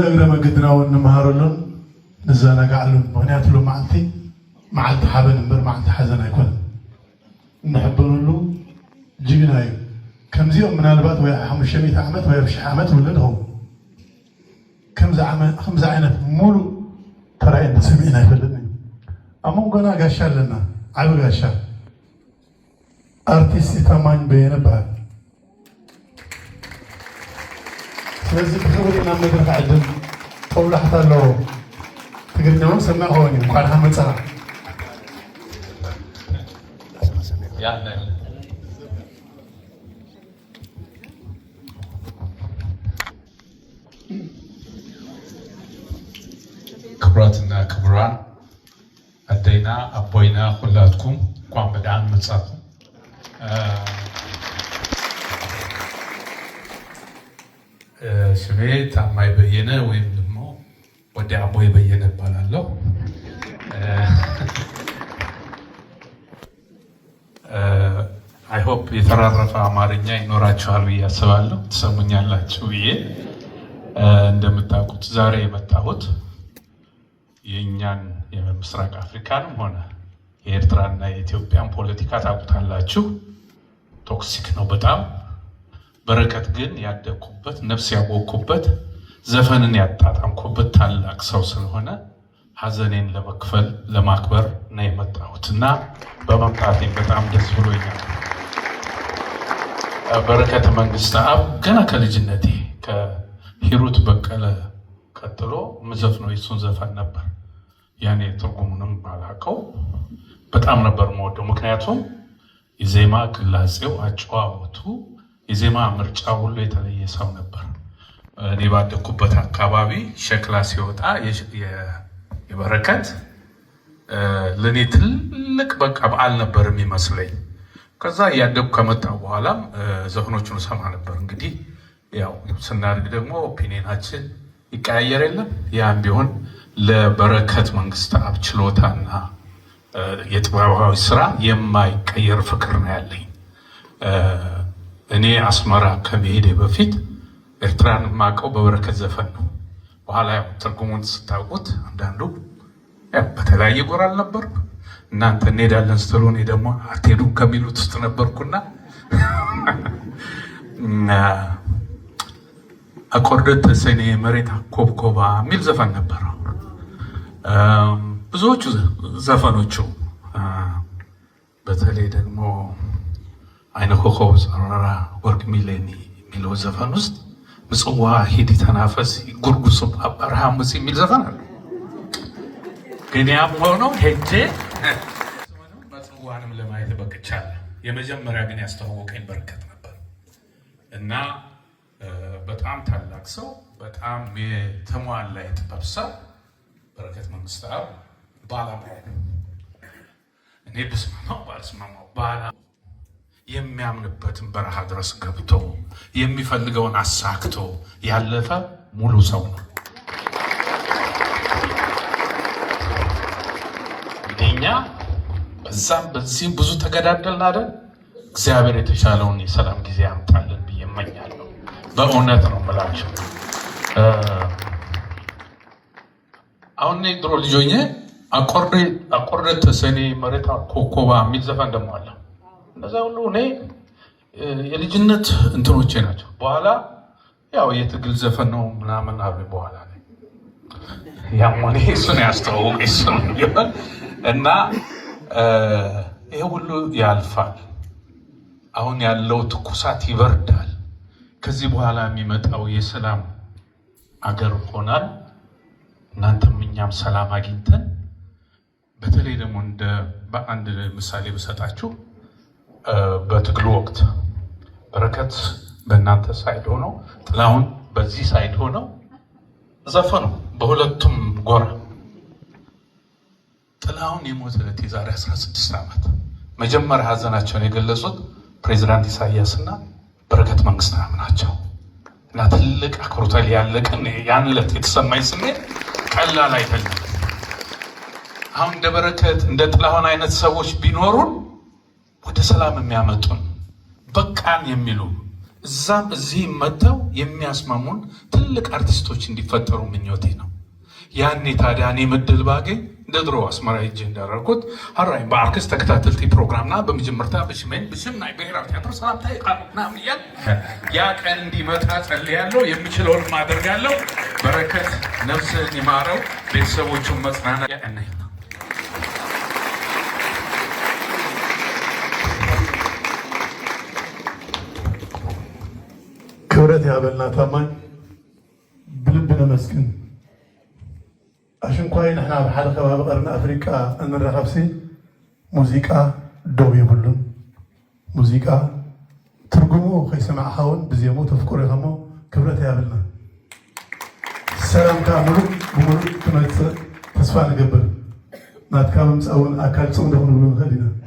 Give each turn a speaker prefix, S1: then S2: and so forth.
S1: እግረ መገድና እውን ንመሃረሉን ንዘናጋዕሉን ምክንያቱ ሎ መዓልቲ መዓልቲ ሓበን እምበር መዓልቲ ሓዘን ኣይኮነን እንሕበረሉ ጅግና እዩ ከምዚኦም ምናልባት ወይ ኣብ 500 ዓመት ወይ ኣብ ዓመት ውለድ ኸው ከምዚ ዓይነት ሙሉእ ተራእየና ሰሚዕና ይፈልጥ እዩ ኣብ መንጎና ጋሻ ኣለና ዓብ ጋሻ ኣርቲስት ታማኝ በየነ በሃል ስለዚ ክኽብሪ ናብ መድረክ ዕድል ተብላሕት ኣለዎ ትግርኛ እውን ሰማዕ ኸወን እዩ እንኳን ሓመፃ
S2: ክቡራትና ክቡራን ኣደይና ኣቦይና ኩላትኩም እንኳን ብድዓን መፃኩም ስሜ ታማይ በየነ ወይም ደግሞ ወደ አቦ የበየነ እባላለሁ። አይሆፕ የተራረፈ አማርኛ ይኖራችኋል ብዬ አስባለሁ፣ ትሰሙኛላችሁ ብዬ እንደምታውቁት ዛሬ የመጣሁት የእኛን የምስራቅ አፍሪካንም ሆነ የኤርትራና የኢትዮጵያን ፖለቲካ ታውቁታላችሁ። ቶክሲክ ነው በጣም በረከት ግን ያደግኩበት ነፍስ ያወቅኩበት ዘፈንን ያጣጣምኩበት ታላቅ ሰው ስለሆነ ሀዘኔን ለመክፈል ለማክበር ነው የመጣሁት እና በመምጣቴ በጣም ደስ ብሎኛል። በረከት መንግስት አብ ገና ከልጅነቴ ከሂሩት በቀለ ቀጥሎ ምዘፍነው የሱን ዘፈን ነበር። ያኔ ትርጉሙንም ባላቀው በጣም ነበር መወደው። ምክንያቱም የዜማ ግላጼው አጨዋወቱ የዜማ ምርጫ ሁሉ የተለየ ሰው ነበር። እኔ ባደኩበት አካባቢ ሸክላ ሲወጣ የበረከት ለእኔ ትልቅ በቃ በዓል ነበር የሚመስለኝ። ከዛ እያደጉ ከመጣ በኋላም ዘፈኖቹን ሰማ ነበር። እንግዲህ ያው ስናድግ ደግሞ ኦፒኒናችን ይቀያየር የለም። ያም ቢሆን ለበረከት መንግስት አብ ችሎታና የጥበባዊ ስራ የማይቀየር ፍቅር ነው ያለኝ። እኔ አስመራ ከመሄዴ በፊት ኤርትራን የማውቀው በበረከት ዘፈን ነው። በኋላ ያው ትርጉሙን ስታውቁት አንዳንዱ በተለያየ ጎራ አልነበርኩ እናንተ እንሄዳለን ስትሉ እኔ ደግሞ አትሄዱ ከሚሉት ውስጥ ነበርኩና አቆርደት ተሰኔ መሬት ኮብኮባ የሚል ዘፈን ነበረው። ብዙዎቹ ዘፈኖቹ በተለይ ደግሞ አይነ ኮከብ ጸረራ ወርቅ ሚሌኒ የሚለው ዘፈን ውስጥ ምጽዋ ሂድ ተናፈስ ጉርጉሱ በረሃ ሙስ የሚል ዘፈን አለ። ግን ያም ሆኖ ሄጄ መጽዋንም ለማየት በቅቻለሁ። የመጀመሪያ ግን ያስተዋወቀኝ በረከት ነበር እና በጣም ታላቅ ሰው፣ በጣም የተሟላ የጥበብ ሰው በረከት መንግስት ባለሙያ ነው። እኔ ብስማማው ባልስማማው ባላ የሚያምንበትን በረሃ ድረስ ገብቶ የሚፈልገውን አሳክቶ ያለፈ ሙሉ ሰው ነው። እንግዲህ እኛ በዛም በዚህም ብዙ ተገዳደልን አይደል? እግዚአብሔር የተሻለውን የሰላም ጊዜ ያምጣልን ብዬ እመኛለሁ። በእውነት ነው የምላቸው። አሁን ድሮ ልጆኜ አቆርደ ተሰኔ መሬት ኮኮባ የሚል ዘፈን ደግሞ አለ እነዛ ሁሉ እኔ የልጅነት እንትኖቼ ናቸው። በኋላ ያው የትግል ዘፈን ነው ምናምን አሉ። በኋላ ያሞኔ እሱን ያስተዋወቀ እሱ ቢሆን እና ይሄ ሁሉ ያልፋል። አሁን ያለው ትኩሳት ይበርዳል። ከዚህ በኋላ የሚመጣው የሰላም አገር ሆናል። እናንተም እኛም ሰላም አግኝተን በተለይ ደግሞ እንደ በአንድ ምሳሌ ብሰጣችሁ በትግሉ ወቅት በረከት በእናንተ ሳይድ ሆነው ጥላሁን በዚህ ሳይድ ሆነው ዘፈኑ በሁለቱም ጎራ ጥላሁን የሞተ ዕለት የዛሬ 16 ዓመት መጀመሪያ ሀዘናቸውን የገለጹት ፕሬዚዳንት ኢሳያስና በረከት መንግስትናም ናቸው እና ትልቅ አክብሮታል ያለቀን ያን ዕለት የተሰማኝ ስሜት ቀላል አይደለም። አሁን እንደ በረከት እንደ ጥላሁን አይነት ሰዎች ቢኖሩን ወደ ሰላም የሚያመጡን በቃን የሚሉ እዛም እዚህ መጥተው የሚያስማሙን ትልቅ አርቲስቶች እንዲፈጠሩ ምኞቴ ነው። ያኔ ታዲያ እኔ ምድል ባገኝ እንደ ድሮ አስመራ ሄጄ እንዳደረግኩት ሀራይ በአርክስ ተከታተልቲ ፕሮግራምና በመጀመርታ በሽሜን ናይ ብሔራዊ ቲያትር ሰላምታ ይቃና ምያል ያ ቀን እንዲመጣ ጸልያለሁ። የምችለውን አደርጋለሁ። በረከት ነፍስህን ይማረው፣ ቤተሰቦቹን መጽናና ያነ
S1: የምህረት ያበልና ታማኝ ብልብ መስግን ኣሽንኳይ ንሕና ኣብ ሓደ ከባቢ ቀርኒ ኣፍሪቃ እንረኸብሲ ሙዚቃ ደው ይብሉን ሙዚቃ ትርጉሙ ከይሰማዕኻ እውን ብዜሙ ተፍቅሮ ኢኸሞ ክብረት ያብልና ሰላምካ ሙሉእ ብሙሉእ ትመፅእ ተስፋ ንገብር ናትካ ምምፃእ እውን ኣካል ፅኡ ንኽንብሉ ንኽእል ኢና